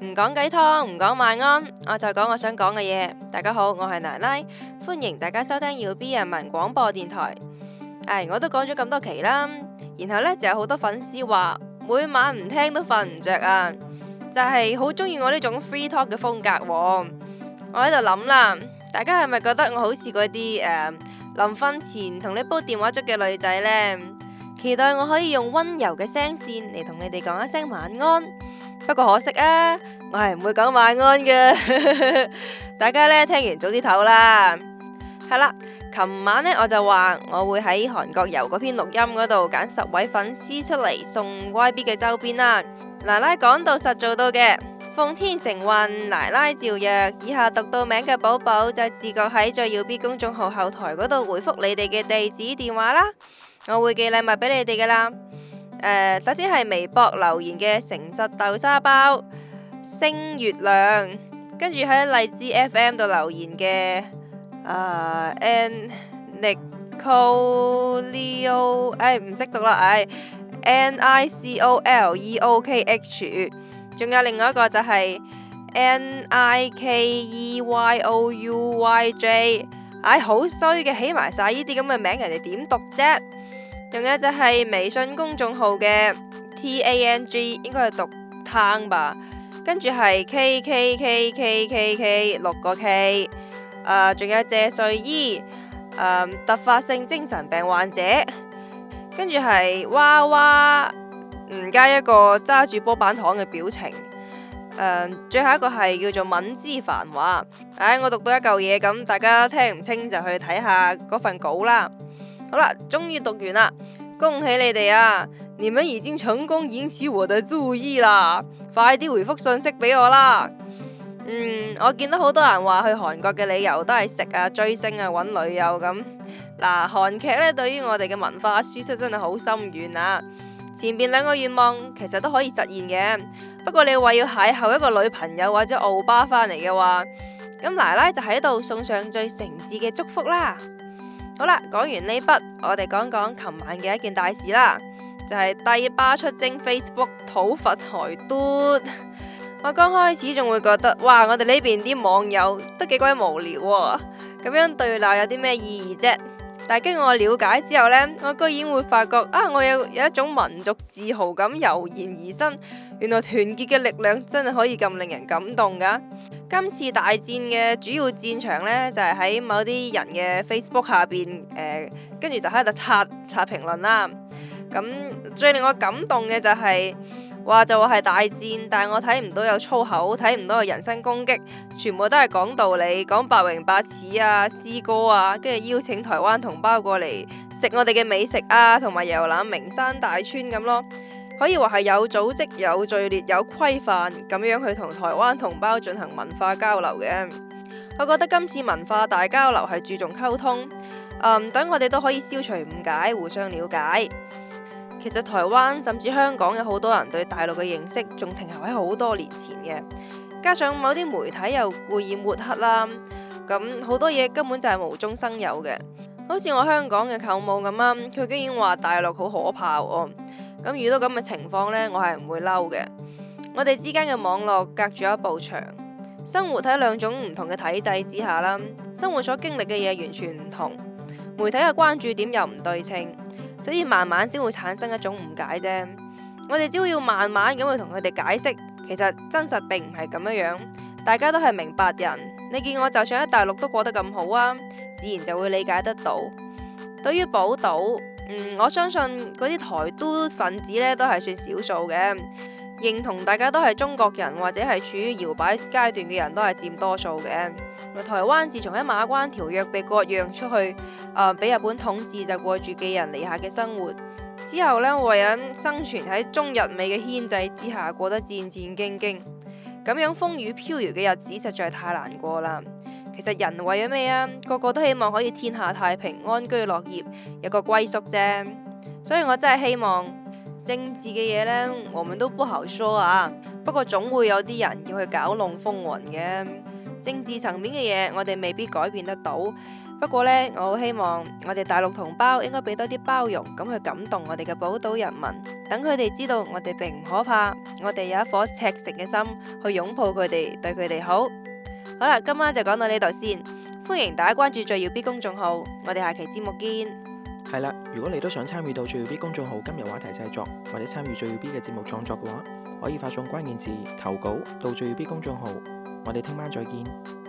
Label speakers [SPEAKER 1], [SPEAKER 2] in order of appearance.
[SPEAKER 1] 唔講雞湯，唔講晚安，我就講我想講嘅嘢。大家好，我係奶奶，歡迎大家收聽耀 B 人民廣播電台。誒、哎，我都講咗咁多期啦，然後呢，就有好多粉絲話每晚唔聽都瞓唔着啊，就係好中意我呢種 free talk 嘅風格，啊。我喺度諗啦，大家係咪覺得我好似嗰啲誒臨瞓前同你煲電話粥嘅女仔呢？期待我可以用溫柔嘅聲線嚟同你哋講一聲晚安。不過可惜啊，我係唔會講晚安嘅， 大家呢，聽完早啲唞啦。係啦，琴晚呢，我就話我會喺韓國遊嗰篇錄音嗰度揀十位粉絲出嚟，送 YB 嘅周邊啦。奶奶講到實做到嘅，奉天承運，奶奶詔曰：以下讀到名嘅寶寶就自覺喺最要 B 公眾號後台嗰度回復你哋嘅地址電話啦，我會寄禮物俾你哋噶啦。首先係微博留言嘅誠實豆沙包星月亮，跟住喺荔枝 FM 度留言嘅啊 N I C O L E O 哎，唔識讀啦，哎 N I C O L E O K H 仲有另外一個就係 N I K E Y O U Y J，哎，好衰嘅，起埋晒呢啲咁嘅名，人哋點讀啫？仲有一隻係微信公眾號嘅 T A N G，應該係讀湯吧。跟住係 K K K K K K 六個 K。仲、呃、有借睡衣。突發性精神病患者。跟住係娃娃，唔加一個揸住波板糖嘅表情、呃。最後一個係叫做敏之繁華。唉、哎，我讀到一嚿嘢，咁大家聽唔清就去睇下嗰份稿啦。好啦，終於讀完啦，恭喜你哋啊！你們已經成功引起我的注意啦，快啲回覆信息俾我啦。嗯，我見到好多人話去韓國嘅理由都係食啊、追星啊、揾女友咁。嗱、嗯，韓劇呢對於我哋嘅文化舒適真係好深遠啊。前面兩個願望其實都可以實現嘅，不過你話要邂逅一個女朋友或者歐巴返嚟嘅話，咁奶奶就喺度送上最誠摯嘅祝福啦。好啦，講完呢筆，我哋講講琴晚嘅一件大事啦，就係帝巴出征 Facebook 討伐台獨。 我剛開始仲會覺得，哇，我哋呢邊啲網友都幾鬼無聊啊，咁樣對鬧有啲咩意義啫？但係經我了解之後呢，我居然會發覺啊，我有有一種民族自豪感油然而生。原來團結嘅力量真係可以咁令人感動噶。今次大戰嘅主要戰場呢，就係、是、喺某啲人嘅 Facebook 下邊，誒、呃，跟住就喺度刷刷評論啦。咁最令我感動嘅就係、是、話就話係大戰，但係我睇唔到有粗口，睇唔到有人身攻擊，全部都係講道理，講八榮八恥啊，詩歌啊，跟住邀請台灣同胞過嚟食我哋嘅美食啊，同埋遊覽名山大川咁咯。可以話係有組織、有序列、有規範咁樣去同台灣同胞進行文化交流嘅。我覺得今次文化大交流係注重溝通，嗯，等我哋都可以消除誤解，互相了解。其實台灣甚至香港有好多人對大陸嘅認識仲停留喺好多年前嘅，加上某啲媒體又故意抹黑啦，咁好多嘢根本就係無中生有嘅。好似我香港嘅舅母咁啊，佢竟然話大陸好可怕喎。咁遇到咁嘅情況呢，我係唔會嬲嘅。我哋之間嘅網絡隔住一部牆，生活喺兩種唔同嘅體制之下啦，生活所經歷嘅嘢完全唔同，媒體嘅關注點又唔對稱，所以慢慢先會產生一種誤解啫。我哋只要慢慢咁去同佢哋解釋，其實真實並唔係咁樣樣。大家都係明白人，你見我就算喺大陸都過得咁好啊，自然就會理解得到。對於寶島。嗯，我相信嗰啲台獨分子呢，都係算少數嘅，認同大家都係中國人或者係處於搖擺階段嘅人都係佔多數嘅。台灣自從喺馬關條約被割讓出去，誒、呃，俾日本統治就過住寄人籬下嘅生活之後呢，為人生存喺中日美嘅牽制之下過得戰戰兢兢，咁樣風雨飄搖嘅日子實在太難過啦。其實人為咗咩啊？個個都希望可以天下太平、安居樂業、有個歸宿啫。所以我真係希望政治嘅嘢呢，我們都不好說啊。不過總會有啲人要去搞弄風雲嘅政治層面嘅嘢，我哋未必改變得到。不過呢，我好希望我哋大陸同胞應該俾多啲包容，咁去感動我哋嘅寶島人民，等佢哋知道我哋並唔可怕，我哋有一顆赤誠嘅心去擁抱佢哋，對佢哋好。好啦，今晚就講到呢度先。歡迎大家關注最耀 B 公眾號，我哋下期節目見。係啦，如果你都想參與到最耀 B 公眾號今日話題製作，或者參與最耀 B 嘅節目創作嘅話，可以發送關鍵字投稿到最耀 B 公眾號。我哋聽晚再見。